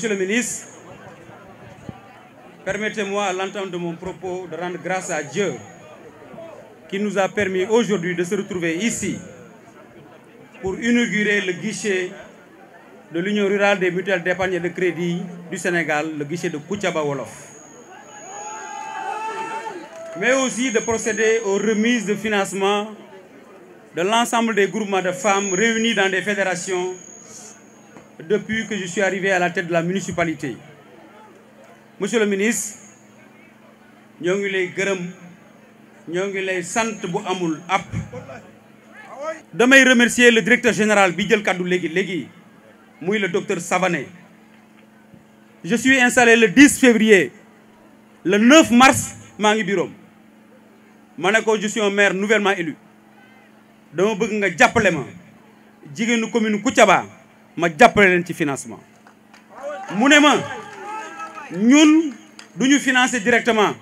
Monsieur le ministre, permettez-moi à l'entente de mon propos de rendre grâce à Dieu qui nous a permis aujourd'hui de se retrouver ici pour inaugurer le guichet de l'Union rurale des mutuelles d'épargne et de crédit du Sénégal, le guichet de Koutiaba Wolof. Mais aussi de procéder aux remises de financement de l'ensemble des groupements de femmes réunis dans des fédérations depuis que je suis arrivé à la tête de la municipalité monsieur le ministre je ngi lay gërëm nous sommes lay sant bu amul remercier le directeur général Bidjel Kadou Legui, le docteur Savané je suis installé le 10 février le 9 mars Je ngi je suis un maire nouvellement élu dama bëgg nga jàppale ma commune Kouchaba. ma jàppale leen ci financement mu ne ma ñun du ñu financer directement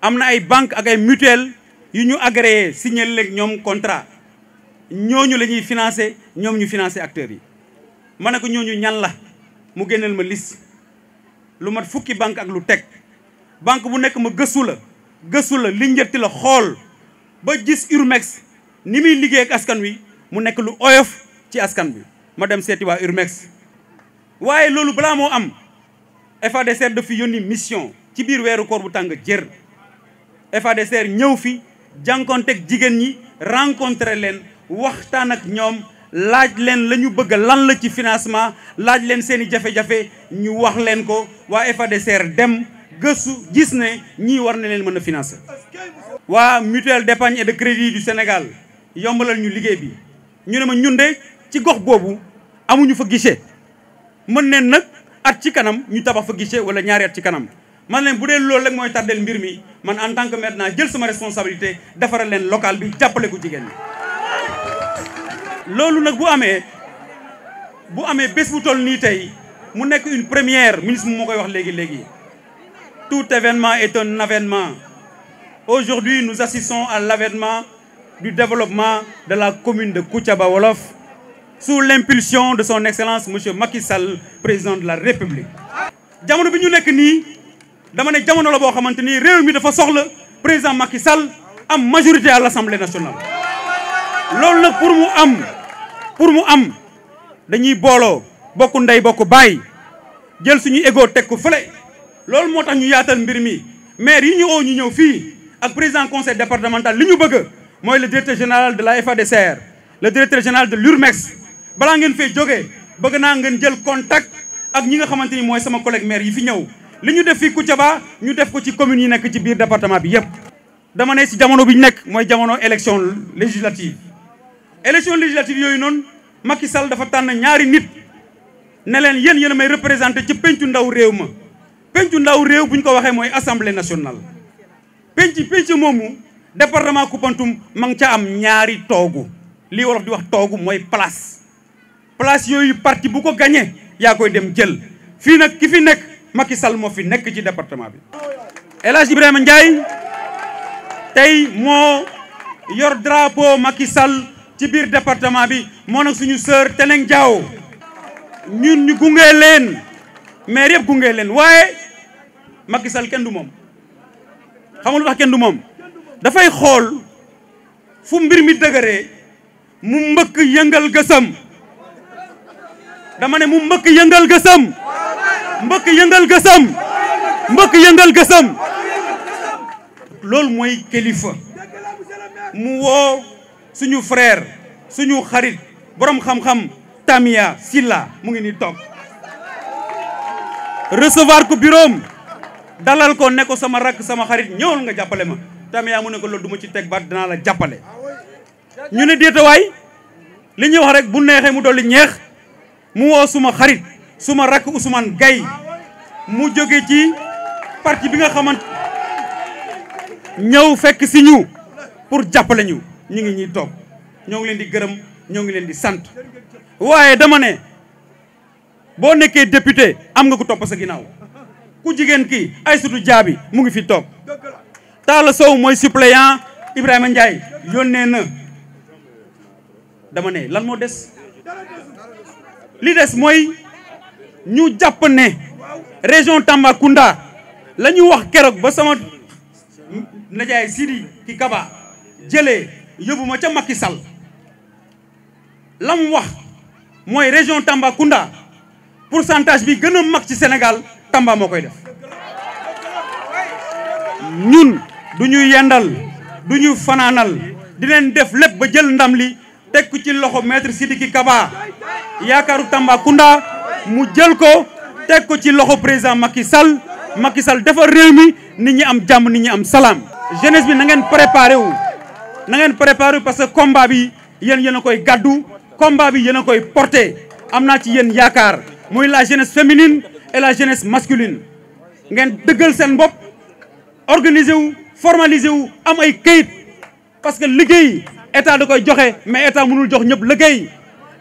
am na ay banque ak ay mutuelle yu ñu agréé signé léeg ñoom contrat ñooñu la ñuy financé ñoom ñu financer acteurs yi ma ne ko ñooñu ñan la mu génneel ma liste lu mat fukki banque ak lu teg banque bu nekk ma gëstu la gëstu la li njëtti la xool ba gis Urmex ni muy liggéey ak askan wi mu nekk lu oyof ci askan bi ma dem seti wa urmex waye loolu bla mo am FADCR fi yoni mission ci bir wéru koor bu tang jër FADCR ñew fi ak jigen ñi rencontrer len waxtaan ak ñom laaj len lañu bëgg lan la ci financement laaj len seen jafé jafe ñu wax len ko wa FADCR dem geussu gis né ñi war na len mëna financer. wa mutuelle d'épargne et de crédit du Sénégal yombalal ñu liggéey bi ñu ñun ci gox bobu amuñu fa guichet mën né nak at ci kanam ñu tabax fa guichet wala ñaar at ci kanam man leen bu lool rek moy tardel mbir mi man en tant que maire naa jël sama responsabilité defaral leen local bi jàppale ko jigen ñi. loolu bu amé bu amé bës bu toll ni tay mu nek une première ministre mo koy wax légui légui tout événement est un avènement aujourd'hui nous assistons à l'avènement du développement de la commune de Koutiaba Wolof sous l'impulsion de son excellence M. Macky Sall président de la république Nous président Macky Sall majorité à l'Assemblée nationale pour nous, pour nous am dañuy bolo, nous avons jël suñu nous ko ñu yaatal mbir mi maire yi ñu ñu président conseil départemental li ñu le directeur général de la FADCR le directeur général de l'URMEX balaa ngeen fee jógee bëgg naa ngeen jël contact ak ñi nga xamante ni mooy sama collègue maire yi fi ñëw li ñu def fii Koutiaba ñu def ko ci communes yi nekk ci biir département bi yépp dama ne si jamono bi ñu nekk mooy jamono élection législative élection législative yooyu noonu Macky Sall dafa tànn ñaari nit ne leen yéen yéen may représenté ci pencu ndaw réew ma pencu ndaw réew bu ñu ko waxee mooy assemblée nationale penc penc moomu département Koupantoum ma ngi ca am ñaari toogu lii wolof di wax toogu mooy place place yooyu parti bu ko gagné ya koy dem djel fi nak ki fi nek Macky Sall mo fi nek ci département bi El Ibrahima Ndiaye tay mo yor drapeau Macky Sall ci bir département bi mo nak suñu sœur Teneng Diao ñun ñu gungé len maire yëpp gungé len waaye Macky Sall kenn du mom xamul wax kenn du da fay xol fu mbir mi dëgëree mu mbeuk yëngal gësam dama ne mu mbeuk yëngal geusam mbeuk yëngal geusam mbeuk yëngal geusam lol moy kilifa mu wo suñu frère suñu xarit borom xam-xam Tamia Silla mu ngi ni tok recevoir ko birom dalal ko ne ko sama rak sama xarit ñewul nga jappale ma Tamia mu ne ko lol duma ci tek baat dana la jappale ñu ne way li ñuy wax rek bu mu doli ñeex mu woo suma xarit suma rakk Ousmane Gaye mu jóge ci parti bi nga xamant ñëw fekk si ñu pour jàppale ñu ñu ngi ñuy toog ñoo ngi leen di gërëm ñoo ngi leen di sant waaye dama ne boo nekkee député am nga ko topp sa ginnaaw ku jigéen ki ay Dia jaabi mu ngi fi toog Talla Sow mooy suppléant Ibrahima Ndiaye yónnee na dama ne lan moo des li des mooy ñu jàpp ne région Tambacounda la ñu wax keroog ba sama najaay Sidiki Kaba jëlee yóbbu ca Macky Sall la mu wax mooy région Tambacounda pourcentage bi gën a mag ci senegal Tamba moo koy def ñun du ñu yendal du ñu fanaanal di leen def lépp ba jël ndam li teg ku ci loxo maître Sidiki Kaba yaakaaru Tambacounda mu jël ko teg ko ci loxo président Macky Sall Macky Sall defar réew mi ni ñi am jàmm ni ñi am salaam. jeunesse bi na ngeen préparé wu na ngeen préparé parce que combat bi yéen yéen a koy gàddu combat bi yéen a koy porté am naa ci yéen yaakaar muy la jeunesse féminine et la jeunesse masculine ngeen dëggal seen bopp organiser wu formaliser wu am ay kayit parce que liggéey état da koy joxe mais état mënul jox ñëpp liggéey.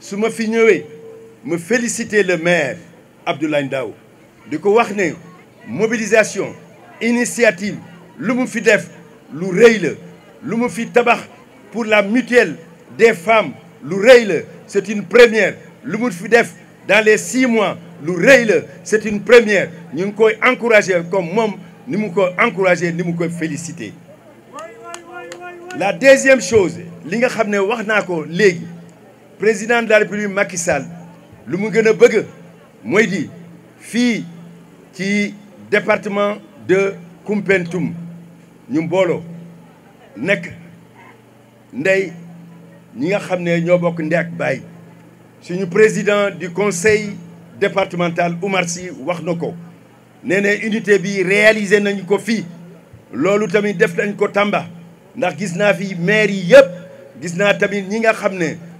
Si me fi je féliciter le maire Abdoulaye Ndao di ko wax la mobilisation initiative lu mu fi def lu lu mu fi pour la mutuelle des femmes lu c'est une première lu mu fi def dans les six mois lu c'est une première Nous encourager comme moi, ni mu encourager ni mu féliciter la deuxième chose li nga xam ne wax président de la république Macky Sall lu mu gëna bëgg département de Kumpentum, ñu nous nek ndey ñi nga xamné président du conseil départemental Oumar Sy waxnako Nous unité bi réalisé nañ ko fi lolu tamit def nañ ko Tamba ndax gis fi maire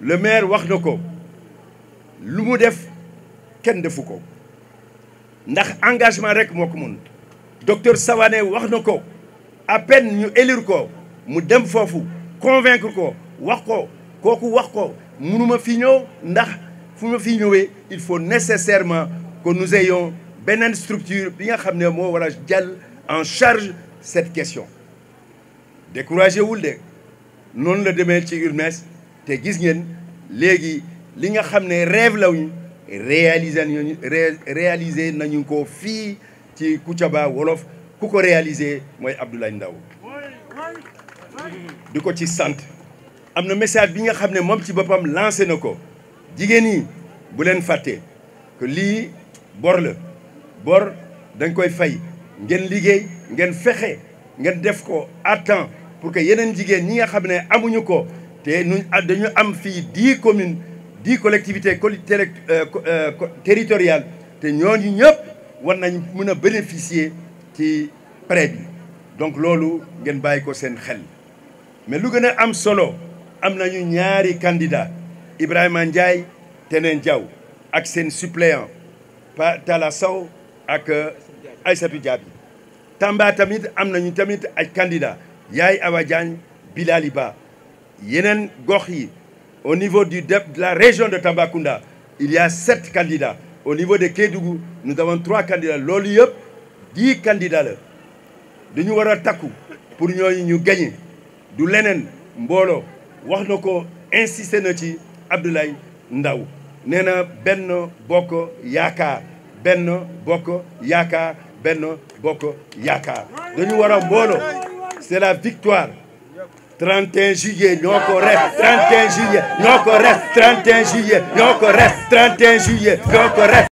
le maire wax na ko lu mu def kenn defu ndax engagement rek moo ko docteur Savané wax na ko à peine ñu élire ko mu dem foofu convaincre ko wax ko kooku wax ko mënuma fi ñëw ndax fu ma fi ñëwee il faut nécessairement que nous ayons beneen structure bi nga xam ne moo war en charge cette question découragé wul de non la demee ci URMES te gis ngeen léegi li nga xamné ne rêve lañu réaliser ñu réaliser nañ ko fi ci Kouthiaba wolof ku ko réaliser moy Abdoulaye Ndaw diko ci sant amna message bi nga xamné mom ci bopam lancé nako jigen jigéen bu len faté que li bor la bor dañ koy fay ngeen liggéey ngeen fexé ngeen def ko à temps pour que yeneen jigéen ñi nga xam ne amuñu ko nous avons 10 communes, 10 collectivités euh, euh, territoriales. qui ont bénéficié de prêt. Donc, nous avons un peu Mais nous avons un solo. Ibrahim avons candidat. Ibrahim Ndiaye, Tenen Diaw, Axen suppléant, Talassau, euh, Aïssatou Diaby. Tamba Tamid, nous avons un candidat. Yay Awadjan, un Bilaliba. Yenen gochi au niveau du e de la région de Tambacounda il y a sept candidats au niveau de Kédougou nous avons trois candidats l'Oliop candidats nous pour nous ñu gagné du l'enen Abdoulaye Ndaw nena Benno yaaka Benno Boko c'est la victoire 31 juillet non 31 juillet non 31 juillet non 31 juillet ñoo